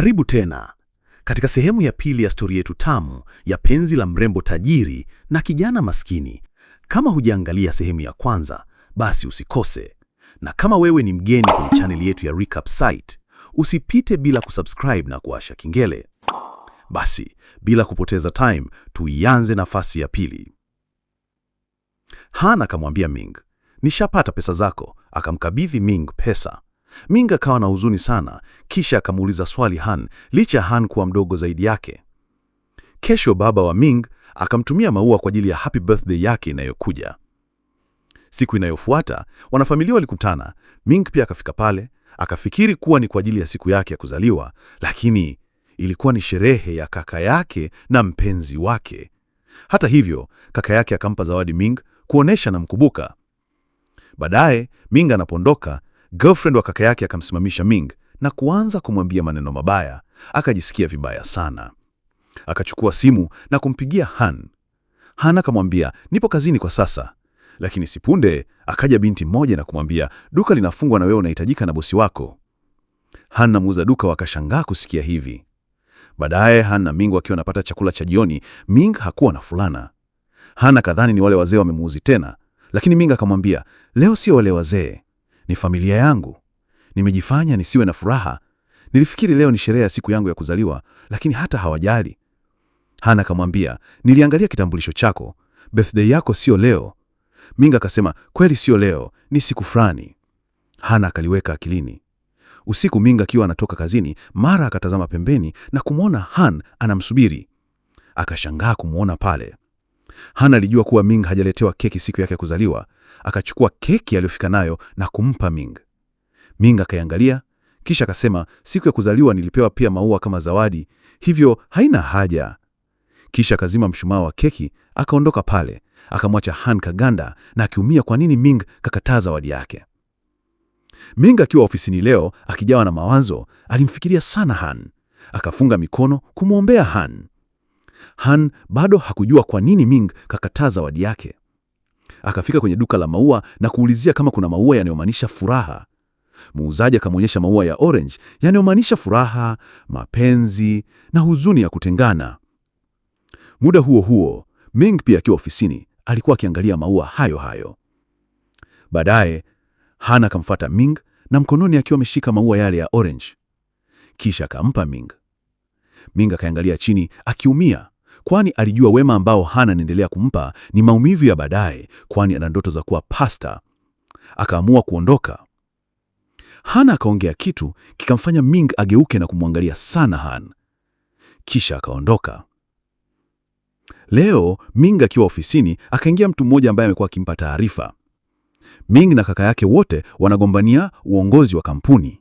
Karibu tena katika sehemu ya pili ya stori yetu tamu ya penzi la mrembo tajiri na kijana maskini. Kama hujaangalia sehemu ya kwanza, basi usikose, na kama wewe ni mgeni kwenye chaneli yetu ya Recap Site, usipite bila kusubscribe na kuwasha kengele. Basi bila kupoteza time, tuianze nafasi ya pili. Han akamwambia Ming, nishapata pesa zako. Akamkabidhi Ming pesa Ming akawa na huzuni sana, kisha akamuuliza swali Han, licha ya Han kuwa mdogo zaidi yake. Kesho baba wa Ming akamtumia maua kwa ajili ya happy birthday yake inayokuja. Siku inayofuata wanafamilia walikutana. Ming pia akafika pale, akafikiri kuwa ni kwa ajili ya siku yake ya kuzaliwa, lakini ilikuwa ni sherehe ya kaka yake na mpenzi wake. Hata hivyo, kaka yake akampa zawadi Ming kuonesha mkubuka Baadaye Ming anapondoka Girlfriend wa kaka yake akamsimamisha Ming na kuanza kumwambia maneno mabaya. Akajisikia vibaya sana, akachukua simu na kumpigia Han. Han akamwambia nipo kazini kwa sasa, lakini sipunde akaja binti mmoja na kumwambia duka linafungwa na wewe unahitajika na bosi wako. Han na muuza duka wakashangaa kusikia hivi. Baadaye Han na Ming wakiwa wanapata chakula cha jioni, Ming hakuwa na fulana. Han akadhani ni wale wazee wamemuuzi tena, lakini Ming akamwambia leo sio wale wazee, ni familia yangu. Nimejifanya nisiwe na furaha. Nilifikiri leo ni sherehe ya siku yangu ya kuzaliwa, lakini hata hawajali. Hana akamwambia, niliangalia kitambulisho chako, birthday yako sio leo. Minga akasema, kweli sio leo, ni siku fulani. Hana akaliweka akilini. Usiku Minga akiwa anatoka kazini, mara akatazama pembeni na kumwona Han anamsubiri. Akashangaa kumwona pale. Hana alijua kuwa Ming hajaletewa keki siku yake ya kuzaliwa, Akachukua keki aliyofika nayo na kumpa Ming. Ming akaiangalia kisha akasema, siku ya kuzaliwa nilipewa pia maua kama zawadi, hivyo haina haja. Kisha akazima mshumaa wa keki akaondoka pale, akamwacha Han kaganda na akiumia kwa nini Ming kakataa zawadi yake. Ming akiwa ofisini leo akijawa na mawazo, alimfikiria sana Han, akafunga mikono kumwombea Han. Han bado hakujua kwa nini Ming kakataa zawadi yake. Akafika kwenye duka la maua na kuulizia kama kuna maua yanayomaanisha furaha. Muuzaji akamwonyesha maua ya orange yanayomaanisha furaha, mapenzi na huzuni ya kutengana. Muda huo huo, Ming pia akiwa ofisini alikuwa akiangalia maua hayo hayo. Baadaye Hana akamfata Ming na mkononi akiwa ameshika maua yale ya orange, kisha akampa Ming. Ming akaangalia chini akiumia, kwani alijua wema ambao Hana anaendelea kumpa ni maumivu ya baadaye, kwani ana ndoto za kuwa pasta. Akaamua kuondoka. Hana akaongea kitu kikamfanya Ming ageuke na kumwangalia sana Han, kisha akaondoka. Leo Ming akiwa ofisini akaingia mtu mmoja ambaye amekuwa akimpa taarifa. Ming na kaka yake wote wanagombania uongozi wa kampuni,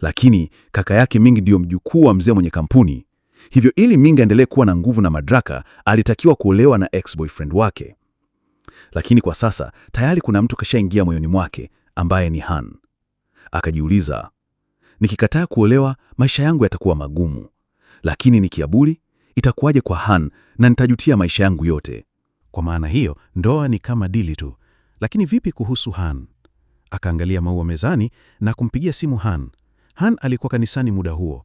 lakini kaka yake Ming ndiyo mjukuu wa mzee mwenye kampuni. Hivyo ili Ming aendelee kuwa na nguvu na madaraka, alitakiwa kuolewa na ex-boyfriend wake. Lakini kwa sasa tayari kuna mtu kashaingia moyoni mwake ambaye ni Han. Akajiuliza, nikikataa kuolewa maisha yangu yatakuwa magumu, lakini nikiaburi itakuwaje kwa Han na nitajutia maisha yangu yote. Kwa maana hiyo ndoa ni kama dili tu, lakini vipi kuhusu Han? Akaangalia maua mezani na kumpigia simu Han. Han alikuwa kanisani muda huo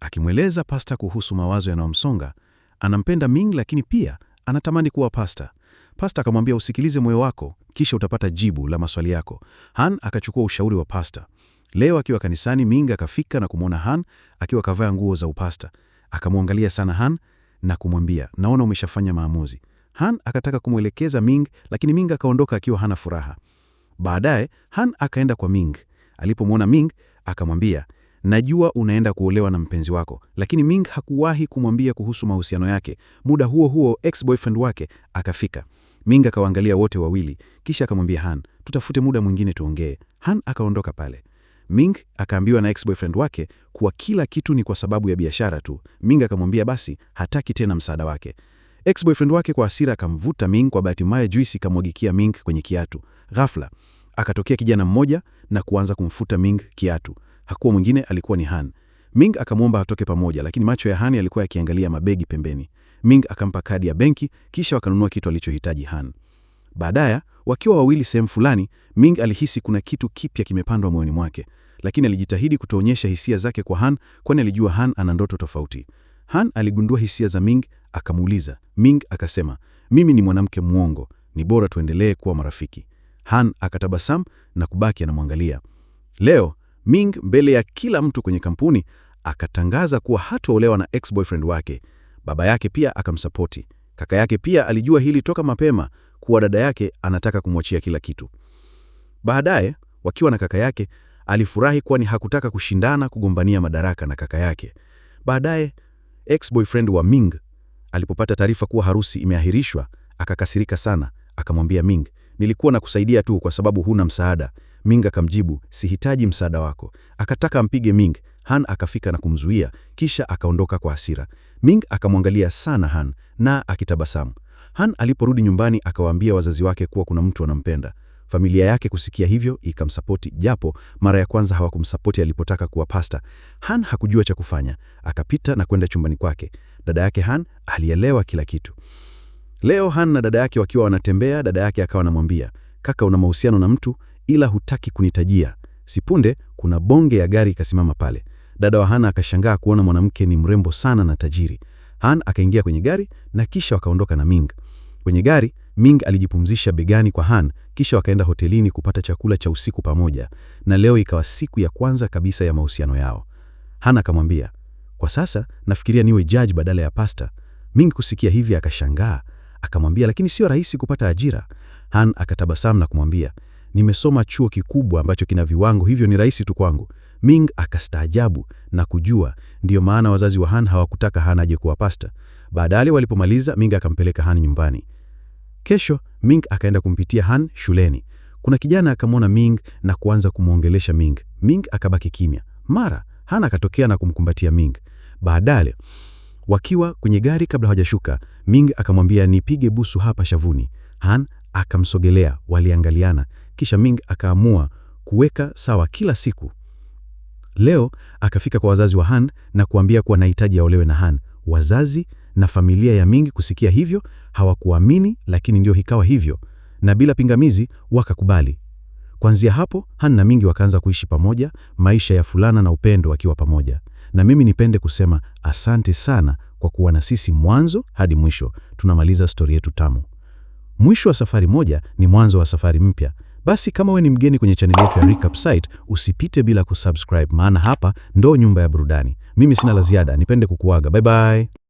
akimweleza Pasta kuhusu mawazo yanayomsonga. Anampenda Ming, lakini pia anatamani kuwa Pasta. Pasta akamwambia, usikilize moyo wako, kisha utapata jibu la maswali yako. Han akachukua ushauri wa Pasta. Leo akiwa kanisani, Ming akafika na kumwona Han akiwa kavaa nguo za upasta. Akamwangalia sana Han na kumwambia, naona umeshafanya maamuzi. Han akataka kumwelekeza Ming, lakini Ming akaondoka akiwa hana furaha. Baadaye Han akaenda kwa Ming. Alipomwona Ming akamwambia, Najua unaenda kuolewa na mpenzi wako, lakini Ming hakuwahi kumwambia kuhusu mahusiano yake. Muda huo huo ex-boyfriend wake akafika. Ming akawaangalia wote wawili, kisha akamwambia Han, tutafute muda mwingine tuongee. Han akaondoka pale. Ming akaambiwa na ex-boyfriend wake kuwa kila kitu ni kwa sababu ya biashara tu. Ming akamwambia basi hataki tena msaada wake. Ex-boyfriend wake kwa hasira akamvuta Ming, kwa bahati mbaya juisi ikamwagikia Ming kwenye kiatu. Ghafla akatokea kijana mmoja na kuanza kumfuta Ming kiatu hakuwa mwingine, alikuwa ni Han. Ming akamwomba atoke pamoja, lakini macho ya Han yalikuwa yakiangalia mabegi pembeni. Ming akampa kadi ya benki, kisha wakanunua kitu alichohitaji Han. Baadaye wakiwa wawili sehemu fulani, Ming alihisi kuna kitu kipya kimepandwa moyoni mwake, lakini alijitahidi kutoonyesha hisia zake kwa Han, kwani alijua Han ana ndoto tofauti. Han aligundua hisia za Ming akamuuliza. Ming akasema, mimi ni mwanamke mwongo, ni bora tuendelee kuwa marafiki. Han akatabasamu na kubaki anamwangalia. Leo Ming mbele ya kila mtu kwenye kampuni akatangaza kuwa hatoolewa na ex-boyfriend wake. Baba yake pia akamsapoti. Kaka yake pia alijua hili toka mapema kuwa dada yake anataka kumwachia kila kitu. Baadaye, wakiwa na kaka yake, alifurahi kwani hakutaka kushindana kugombania madaraka na kaka yake. Baadaye, ex-boyfriend wa Ming alipopata taarifa kuwa harusi imeahirishwa, akakasirika sana, akamwambia Ming, nilikuwa nakusaidia tu kwa sababu huna msaada. Ming akamjibu, sihitaji msaada wako. Akataka ampige Ming, Han akafika na kumzuia, kisha akaondoka kwa hasira. Ming akamwangalia sana Han na akitabasamu. Han aliporudi nyumbani akawaambia wazazi wake kuwa kuna mtu anampenda. Familia yake kusikia hivyo ikamsapoti, japo mara ya kwanza hawakumsapoti alipotaka kuwa pasta. Han hakujua cha kufanya, akapita na kwenda chumbani kwake. Dada yake Han alielewa kila kitu. Leo Han na dada yake wakiwa wanatembea, dada yake akawa anamwambia, kaka, una mahusiano na mtu? ila hutaki kunitajia. Sipunde kuna bonge ya gari ikasimama pale. Dada wa Hana akashangaa kuona mwanamke ni mrembo sana na tajiri. Han akaingia kwenye gari na kisha wakaondoka na Ming. Kwenye gari Ming alijipumzisha begani kwa Han, kisha wakaenda hotelini kupata chakula cha usiku pamoja, na leo ikawa siku ya kwanza kabisa ya mahusiano yao. Han akamwambia, kwa sasa nafikiria niwe judge badala ya pasta. Ming kusikia hivi akashangaa, akamwambia, lakini sio rahisi kupata ajira. Han akatabasamu na kumwambia nimesoma chuo kikubwa ambacho kina viwango hivyo, ni rahisi tu kwangu. Ming akastaajabu na kujua ndiyo maana wazazi wa Han hawakutaka Han aje kuwa pasta. Baadaye walipomaliza, Ming akampeleka Han nyumbani. Kesho Ming akaenda kumpitia Han shuleni. Kuna kijana akamwona Ming na kuanza kumwongelesha Ming. Ming akabaki kimya. Mara Han akatokea na kumkumbatia Ming. Baadaye wakiwa kwenye gari, kabla hawajashuka, Ming akamwambia nipige busu hapa shavuni. Han akamsogelea, waliangaliana. Kisha Ming akaamua kuweka sawa kila siku. Leo akafika kwa wazazi wa Han na kuambia kuwa anahitaji aolewe na Han. Wazazi na familia ya Ming kusikia hivyo hawakuamini, lakini ndio ikawa hivyo, na bila pingamizi wakakubali. Kuanzia hapo Han na Ming wakaanza kuishi pamoja, maisha ya fulana na upendo wakiwa pamoja. Na mimi nipende kusema asante sana kwa kuwa na sisi mwanzo hadi mwisho. Tunamaliza stori yetu tamu. Mwisho wa safari moja ni mwanzo wa safari mpya. Basi kama we ni mgeni kwenye chaneli yetu ya Recap Site, usipite bila kusubscribe, maana hapa ndo nyumba ya burudani. Mimi sina la ziada, nipende kukuaga. Bye bye.